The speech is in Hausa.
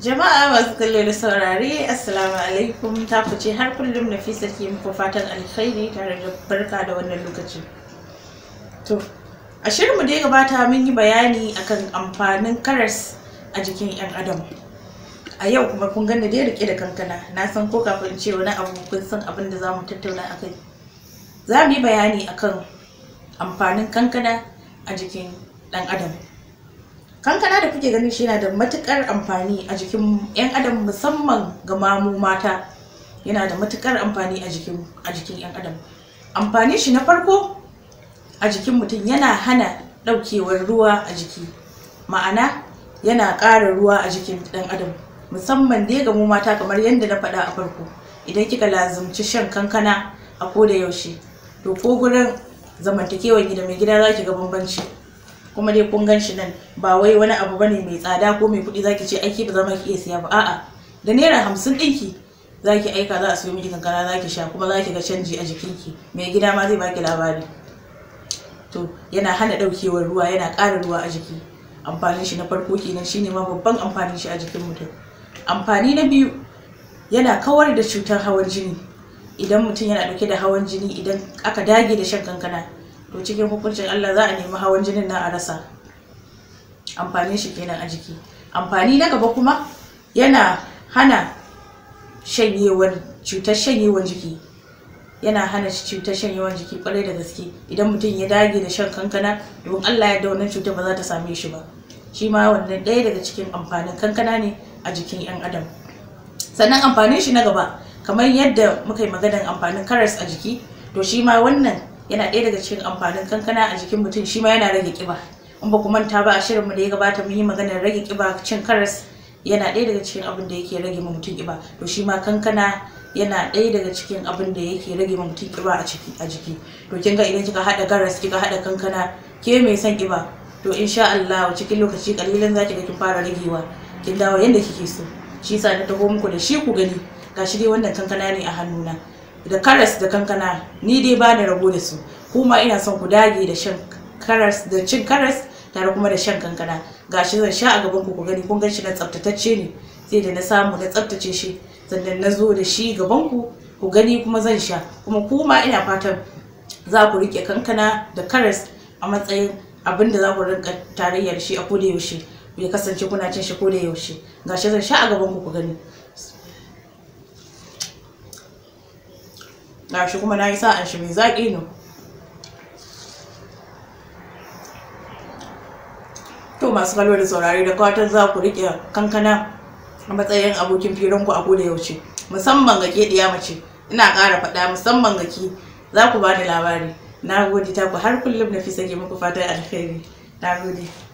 Jama'a masu kallo da saurare, Assalamu alaikum ta fice har kullum na fi sarki muku fatan alkhairi tare da barka da wannan lokaci. To, a shirinmu da ya gabata mun yi bayani akan amfanin karas a jikin 'yan adam. A yau kuma kun ganda ya rike da kankana, na san ko kafin ce wani abu kun san abin da za mu tattauna a kai. Za mu yi bayani akan amfanin kankana a jikin ɗan adam. kankana da kuke ganin shi yana da matukar amfani a jikin 'yan adam musamman ga mamu mata yana da matukar amfani a jikin a jikin 'yan adam amfani shi na farko a jikin mutum yana hana daukewar ruwa a jiki ma'ana yana ƙara ruwa a jikin dan adam musamman dai ga mu mata kamar yadda na faɗa a farko idan kika lazumci shan kankana a koda yaushe to ko gurin zamantakewar gida mai gida za ki ga bambanci kuma dai kun gan shi nan ba wai wani abu bane mai tsada ko mai kuɗi zaki ce aiki ba zama ki iya siya ba a'a da naira hamsin ɗinki zaki aika za a siyo miki kankara zaki sha kuma zaki ga canji a jikinki mai gida ma zai baki labari to yana hana ɗaukewar ruwa yana ƙara ruwa a jiki amfanin shi na farko kenan shine ma babban amfanin shi a jikin mutum amfani na biyu yana kawar da cutar hawan jini idan mutum yana ɗauke da hawan jini idan aka dage da shan kankana to cikin hukuncin Allah za a nemi hawan jinin na a rasa amfanin shi kenan a jiki amfani na gaba kuma yana hana shanyewar cutar shanyewar jiki yana hana cutar shanyewar jiki kwarai da gaske idan mutum ya dage da shan kankana domin Allah ya wannan cutar ba za ta same shi ba shi ma wannan ɗaya daga cikin amfanin kankana ne a jikin 'yan adam sannan amfanin shi na gaba kamar yadda muka yi maganar amfanin karas a jiki to shi ma wannan yana ɗaya daga cikin amfanin kankana a jikin mutum shi ma yana rage ƙiba in ba ku manta ba a shirinmu da ya gabata mun yi maganar rage ƙiba cin karas yana ɗaya daga cikin abin da yake rage ma mutum ƙiba to shi ma kankana yana ɗaya daga cikin abin da yake rage ma mutum ƙiba a ciki a jiki to kin ga idan kika haɗa garas kika haɗa kankana ke mai son ƙiba to insha Allah cikin lokaci kalilan zaki ga kin fara ragewa kin dawo yanda kike so shi yasa na taho muku da shi ku gani gashi dai wannan kankana ne a hannuna da karas da kankana ni dai ba da rabo da su kuma ina son ku dage da shan karas da cin karas tare kuma da shan kankana gashi zan sha a gaban ku ku gani kun gan shi na tsaftatacce ne sai da na samu na tsaftace shi sannan na zo da shi gaban ku ku gani kuma zan sha kuma kuma ina fatan za ku rike kankana da karas a matsayin abin da za ku rinka tarayyar shi a kodayaushe ku ya kasance kuna cin shi kodayaushe gashi zan sha a gaban ku ku gani shi kuma na yi sa'an shi mai zaƙi ne to masu kalwar da saurari da kawatar za ku riƙe kankana a matsayin abokin firanku a koda yauce musamman ga ke mace ina ƙara faɗa musamman ga ki za ku ba da labari na gode ta ku har kullum na fi sake muku fatan alkhairi na gode